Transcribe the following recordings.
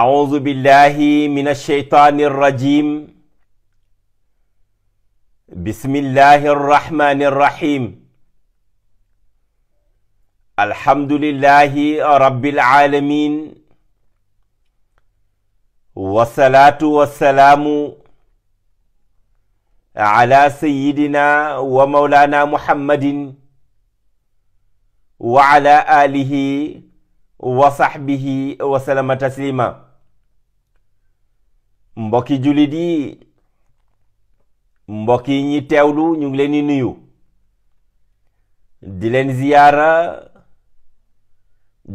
أعوذ بالله من الشيطان الرجيم بسم الله الرحمن الرحيم الحمد لله رب العالمين والصلاة والسلام على سيدنا ومولانا محمد وعلى آله وصحبه وسلم تسليما mbokki jullit yi mbokk yi ñi teewlu ñu ngi leen di nuyu di leen ziyaara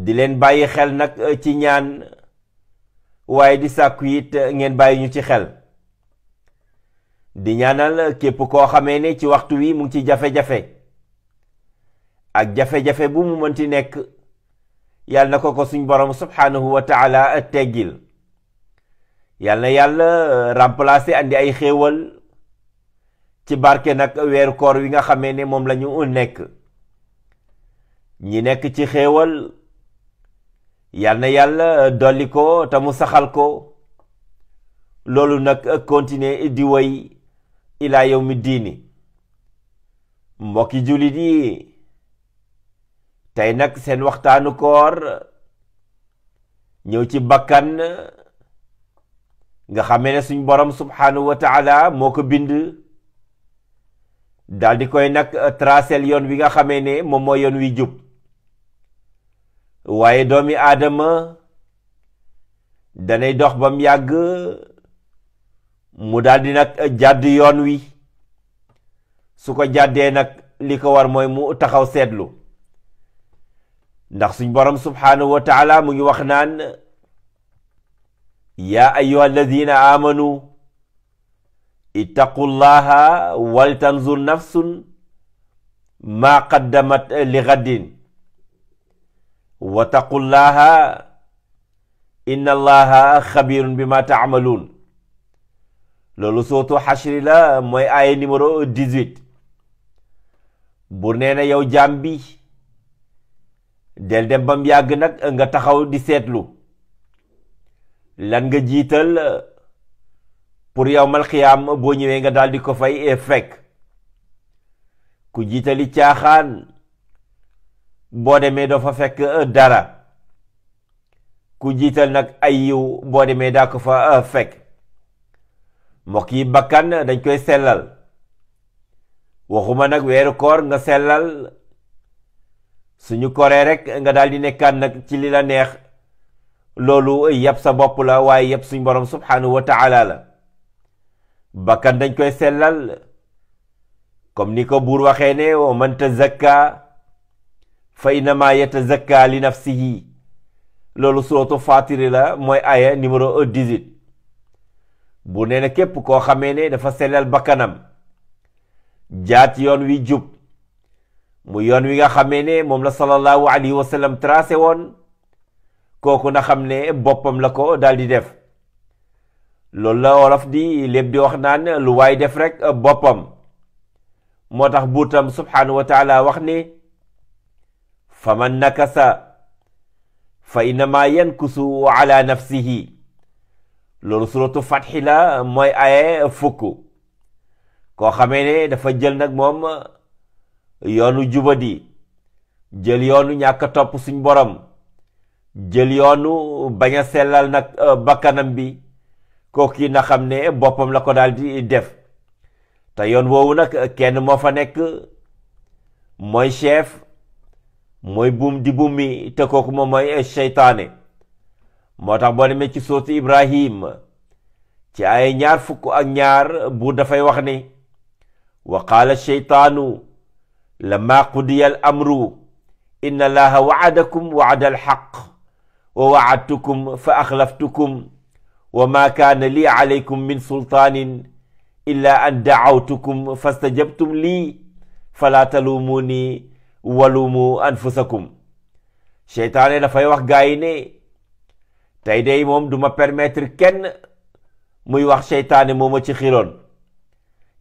di leen bàyyi xel nag eh, ci ñaan waaye di sàkku it eh, ngeen bàyyi ñu ci xel di ñaanal képp koo xamee ne ci waxtu wi mu ngi ci jafe-jafe ak jafe-jafe bu mu mënti nekk yàlla na ko ko suñ borom subhaanahu wa taala eh, teggil yàlla na yàlla euh, remplacer andi ay xéewal ci barke nag weeru koor wi nga xamee ne moom la ñu nekk ñi nekk ci xéewal yàlla na yàlla euh, dolli ko te mu saxal ko loolu nag euh, continuer di woy ilaa yawmi diini mbokki jullit yi tey nag seen waxtaanu koor ñëw ci bakkan nga xamee ne suñ borom subhaanahu wa moo ko bind daal di koy nag euh, trasel yoon wi nga xamee ne moom mooy yoon wi jub waaye doomi aadama danay dox ba mu yàgg mu daldi nag euh, jàdd yoon wi su ko jàddee nag li ko war mooy mu taxaw seetlu ndax suñ borom subhaanahu wa mu ngi wax naan yaa ayyuha alladina aamanu ittaqullaha waltanzur nafsun maa qaddamat li gaddin wa taqullaha inna allaha xabirun bi ma taamaluun loolu sootu xashri la mooy aaya numéro 18 bu nee na yow jaam bi del dem bam yàgg nag nga taxaw di seetlu lan nga jiital euh, pour yawmal xiyaam boo ñëwee nga daal di ko fay fekk ku jiitali caaxaan boo demee doo fa fekk euh, dara ku jiital nag ay yiw boo demee daa ko fa euh, fekk mbokk yi bakkan dañ koy sellal waxuma nag weeru koor nga sellal suñu koree rek nga dal di nekkaan nag ci li la neex loolu yab sa bopp la waaye yab suñ borom subhaanahu wa taala la bakkan dañ koy sellal comme ni ko buur waxee ne wa man tazakka fa innama yatazakka li nafsihi loolu suratu fatiri la mooy aya numéro 18 bu nee na képp koo xamee ne dafa sellal bakkanam jaat yoon wi jub mu yoon wi nga xamee ne moom la sallallahu alayhi wa sallam tracé woon kooku na xam ne boppam la ko daal di def loolu la wolof di lépp di wax naan lu waay def rek boppam moo tax buutam subhaanahu wa taala wax ne faman nakasa fa innama yankusu ala nafsihi loolu suratu fatxi la mooy aye fukk koo xamee ne dafa jël nag moom yoonu di jël yoonu ñàkk topp suñ borom jël yoonu bañ sellal nag euh, bakkanam bi kooku na xam ne boppam la ko daal di def te yoon woowu nag kenn moo fa nekk mooy chef mooy buum di buum mi kooku moom mooy seytaane moo tax boo demee ci sooti Ibrahim ci ay ñaar fukk ak ñaar buur dafay wax ni wa qaala seytaanu lammaa qudiya al amru inna allaha waadakum waada al xaq wa waadtukum fa axlaftukum wa ma kaana lii alaykum min sultaanin illa an daawtukum fastajabtum lii falaa taluumuuni waluumu anfusakum seytaane dafay wax gaa yi ne tey day moom duma permettre kenn muy wax seytaane moo ma ci xiroon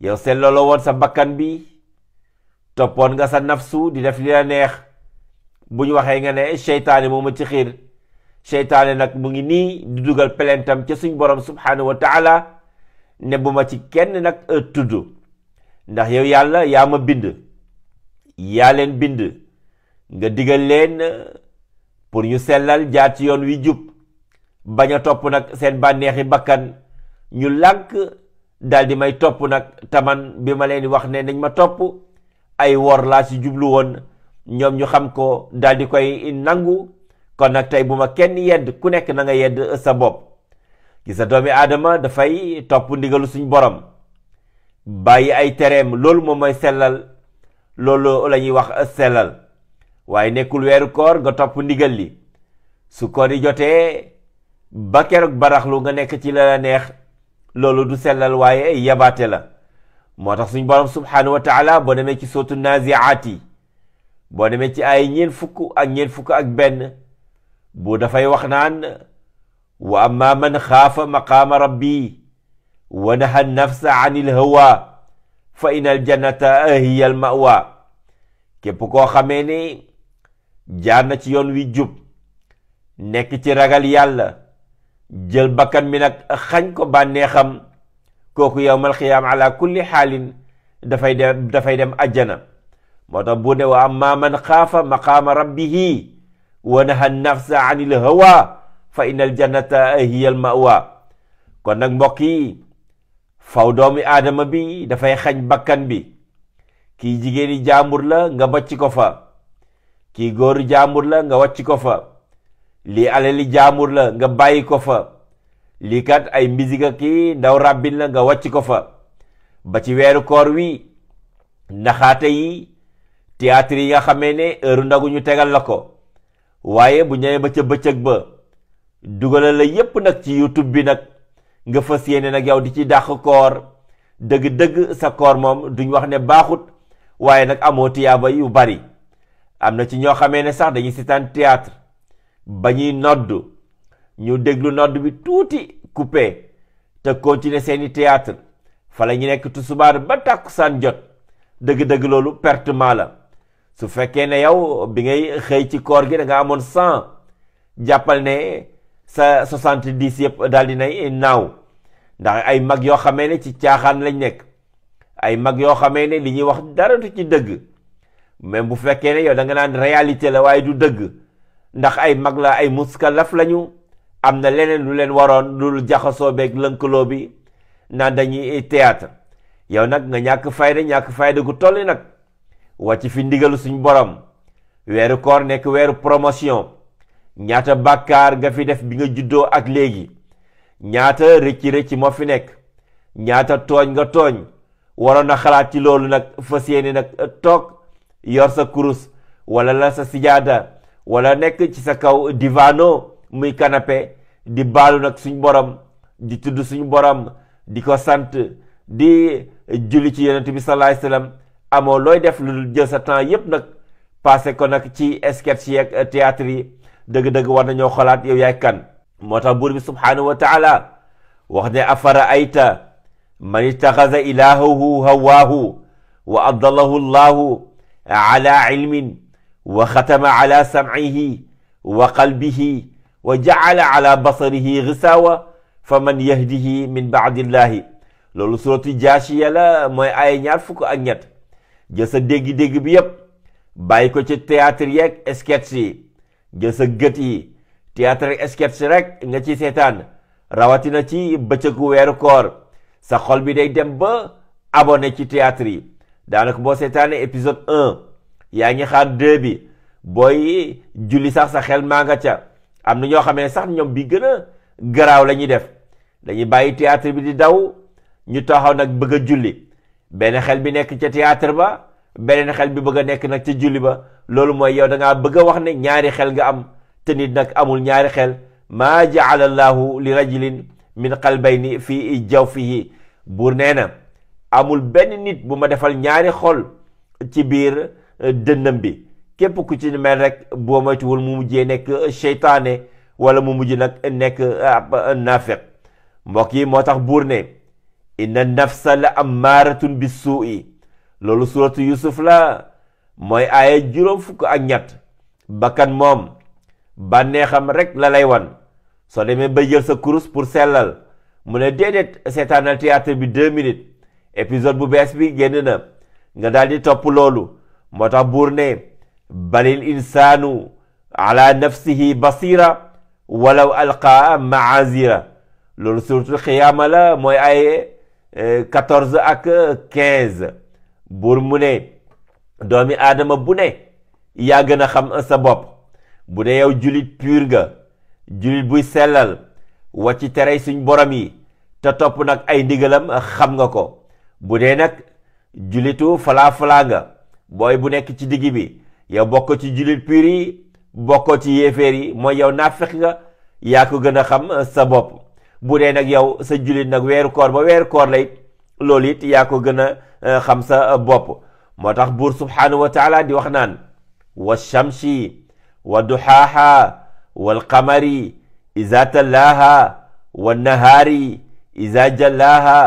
yow seetloo woon sa bakkan bi toppoon nga sa nafsu di def li la neex bu ñu waxee nga ne seytaane moo ma ci xir seytaane nag mu ngi nii di dugal pelentam ca suñ borom subhaanahu wa taala ne bu ci kenn nag euh, tudd ndax yow yàlla yaa ma bind yaa leen bind nga digal leen pour ñu sellal jaar ci yoon wi jub bañ a topp nag seen bànneexi bakkan ñu lànk daal di may topp nag taman bi ma leen wax ne nañ ma topp ay wor laa ci jublu woon ñoom ñu xam ko daal di koy nangu kon nag tey bu ma kenn yedd ku nekk na nga yedd sa bopp gisa doomi aadama dafay topp ndigalu suñ borom bàyyi ay tereem loolu moom mooy sellal loolu la wax sellal waaye nekkul weeru koor nga topp ndigal li su koor yi jotee ba keroog baraxlu nga nekk ci la la neex loolu du sellal waaye yabaate la moo tax suñ borom subhaanahu wa taala boo demee ci sootu naziaat yi boo demee ci ay ñeen fukk ak ñeen fukk ak benn bu dafay wax naan wa amma man xaafa maqaama rabbi wa naha nafsa an il hawa fa in al jannata hiya al mawa képp koo xamee ne jaar na ci yoon wi jub nekk ci ragal yàlla jël bakkan mi nag xañ ko bànneexam kooku yowmal xiyaam ala kulli xaalin dafay dem dafay dem ajjana moo tax bu ne wa amma man xaafa maqaama rabbihi wa naha ani anil hawa fa innal jannata hiyal mawa kon nag mbokk yi faw doomi aadama bi dafay xañ bakkan bi kii jigéeni jaambur la nga bacci ko fa kii góor jaambur la nga wàcc ko fa lii alali jaambur la nga bàyyi ko fa lii kat ay mbisika kii ndaw ràbbin la nga wàcc ko fa ba ci weeru koor wi naxaate yi théâtre yi nga xamee ne heure ndagu ñu tegal la ko waaye bu ñëwee ba ca bëccëg ba dugale la yépp nag ci youtube bi nag nga fas yéene nag yow di ci dàq koor dëgg-dëgg sa koor moom duñ wax ne baaxut waaye nag amoo tiyaaba yu bari am na ci ñoo xamee ne sax dañuy seetaan théâtre ba ñuy nodd ñu déglu nodd bi tuuti coupé te continuer seeni théâtre fa la ñu nekk tusubaar ba tàkku tàkkusaan jot dëgg-dëgg loolu pertement la su fekkee ne yow bi ngay xëy ci koor gi da nga amoon san jàppal ne sa soixante dix yëpp daal di nay naaw ndax ay mag yoo xamee ne ci caaxaan lañ nekk ay mag yoo xamee ne li ñuy wax dara du ci dëgg même bu fekkee ne yow danga nga naan réalité la waaye du dëgg ndax ay mag la ay muskalaf lañu am na leneen lu leen waroon lu jaxasoo beeg lënkaloo bi naan dañuy théâtre yow nag nga ñàkk fayda ñàkk fayda gu tolli nag ci fi ndigalu suñ borom weeru koor nekk weeru promotion ñaata bakkaar nga fi def bi nga juddoo ak léegi ñaata rëcci-rëcci moo fi nekk ñaata tooñ nga tooñ waroon a xalaat ci loolu nag fa yéene nag toog yor sa kurus wala la sa sijaada wala nekk ci sa kaw divano muy kanape di baalu nag suñ borom di tudd suñ borom di ko sant di julli ci yonent bi sallallahu alayhi amoo looy def lu dul jël sa temps yépp nag passé ko nag ci sketch yi ak théâtre yi dëgg-dëgg war nañoo xalaat yow yaay kan moo tax buur bi subhaanahu wa taala wax ne afara ayta man ittaxaza ilaahahu hawaahu wa adallahu allahu ala ilmin wa xatama ala samcihi wa qalbihi wa jacala ala basarihi gisaawa fa man yahdihi min bacdillahi loolu suratu jaasiya la mooy ay ñaar fukk ak ñett jël sa dégg-dégg bi yépp bàyyi ko ci théâtre yeeg sketch yi jël sa gët yi théâtre ak sketch rek nga ci seetaan rawatina ci bëccëgu weeru koor sa xol bi day dem ba abonné ci théâtre yi daanaka boo seetaanee épisode un yaa ngi xaar deux bi booy julli sax sa xel maa nga ca am na ñoo xamee sax ñoom bi gën a garaaw la ñuy def dañuy bàyyi théâtre bi di daw ñu taxaw nag bëgg a julli benn xel bi nekk ca théâtre ba beneen xel bi bëgg a nekk nag ca juli ba loolu mooy yow da ngaa bëgg a wax ne ñaari xel nga am te nit nag amul ñaari xel maa jaala allahu li rajulin min qalbayni fi jawfihi buur nee na amul benn nit bu ma defal ñaari xol ci biir euh, dënnam bi képp ku ci mel rek boo moytuwul mu mujjee nekk euh, seytaane wala mu mujj nag nekk euh, nafiq mbokk yi moo tax buur ne inna nafsa la ammaaratun bi suu'i loolu suratu yusuf la mooy aaya juróom fukk ak ñett bakkan moom bànneexam rek la lay wan soo demee ba jël sa kurus pour sellal mu ne déedéet seetaanal théâtre bi deux minutes épisode bu bees bi génn na nga daal di topp loolu moo tax buur ne balil insaanu ala nafsihi basira walaw alqaa maazira loolu suratul xiyaama la mooy aye quatorze ak quinze buur mu ne doomi aadama bu ne yaa gën a xam sa bopp bu dee yow jullit pur nga jullit buy sellal ci tere suñ borom yi te topp nag ay ndigalam xam nga ko bu dee nag jullitu falaa falaa nga booy bu nekk ci digg bi yow bokkoo ci jullit pur yi bokkoo ci yéeféer yi mooy yow naa fex nga yaa ko gën a xam sa bopp bu dee nag yow sa jullit nag weeru koor ba weeru koor la it loolu it yaa ko gën a eh, xam sa eh, bopp moo tax buur subhaanahu wa taala di wax naan wa shamsi wa duxaaha wal qamari iza tallaaha wa nahaari iza jallaaha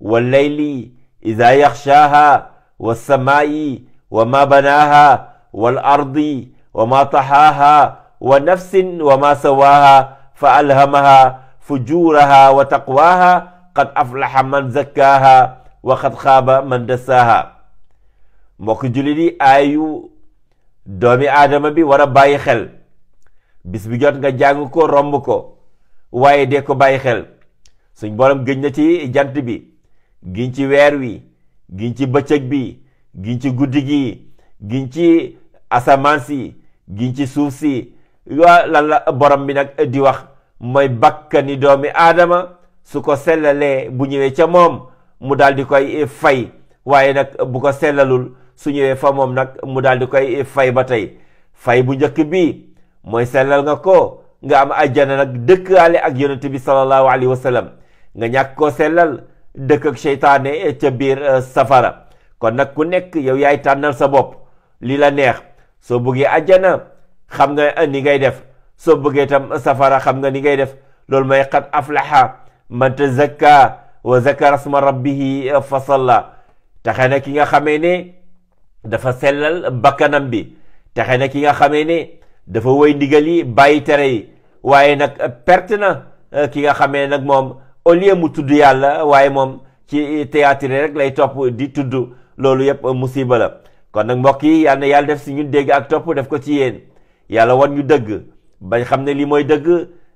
wa layli iza yaxshaaha wa samaa'i wa ma banaaha wal ardi wa ma taxaaha wa nafsin wa ma sawaaha fa alhamaha fujuraha wa taqwaha qad aflaha man zakkaaha wa qad xaaba man dassaaha mbokk jullit yi aayu doomi aadama bi war a bàyyi xel bis bi jot nga jàng ko romb ko waaye de ko bàyyi xel suñ borom gëñ ci jant bi giñ ci weer wi giñ ci bëccëg bi giñ ci guddi gi giñ ci asamaan si giñ ci suuf si waa lan borom bi nag di wax mooy bakkani doomi aadama su ko sellalee bu ñëwee ca moom mu daal di koy fay waaye nag bu ko sellalul su ñëwee fa moom nag mu daal di koy fay ba tey fay bu njëkk bi mooy sellal nga ko nga am ajjana nag dëkkaale ak yonent bi sallallahu alayhi wa nga ñàkk koo sellal dëkk ak seytaane ca biir euh, safara kon nag ku nekk yow yaay tànnal sa bopp li la neex soo buggee ajjana xam nga ni ngay def soo bëggee tam safara xam nga ni ngay def loolu mooy qad aflaha man tazakka wa zakara sma rabbihi fa salla taxe na ki nga xamee ne dafa sellal bakkanam bi taxe na ki nga xamee ne dafa woy ndigal yi bàyyi tere yi waaye nag perte na eh, ki nga xamee nag moom au lieu mu tudd yàlla waaye moom ci théâtre rek lay topp di tudd loolu yépp musiba la kon nag mbokk yi yal na yàlla def si ñun dégg ak topp def ko ci yéen yàlla wan ñu dëgg bañ xam ne lii mooy dëgg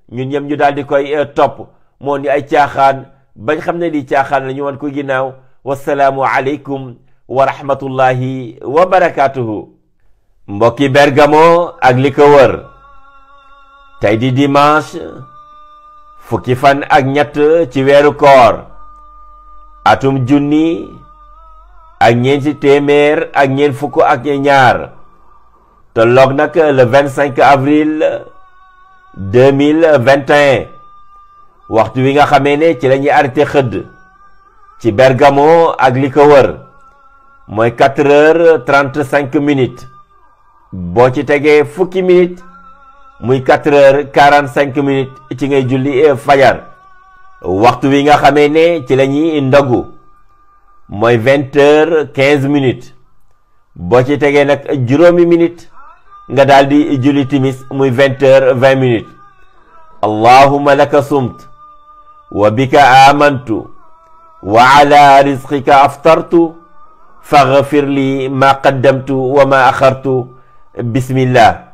ñu ñëpp ñu daal di koy eh, topp moo ni ay caaxaan bañ xam ne li caaxaan la ñu wan ko ginnaaw wasalaamu aleykum wa rahmatullahi wa barakaatuhu. mbokki Bergamo ak li ko wër tey di dimanche fukki fan ak ñett ci weeru koor atum junni ak ñeenti téeméer ak ñeent fukk ak ñaar te loog nag avril deux mille vingt waxtu wi nga xamee ne ci lañuy ñuy arrêté xëdd ci Bergamo ak li ko wër mooy quatre heures trente cinq minutes boo ci tegee fukki minutes muy quatre heures quarante cinq minutes ci ngay julli fajar waxtu wi nga xamee ne ci la ñuy ndogu mooy vingt quinze minutes boo ci tegee nag juróomi minutes nga daal di julli timis muy vingt heures vingt minutes allahuma laka sumt wa bika amantu wa ala rizqika aftartu faghfir li ma qaddamtu wa ma axartu bismillah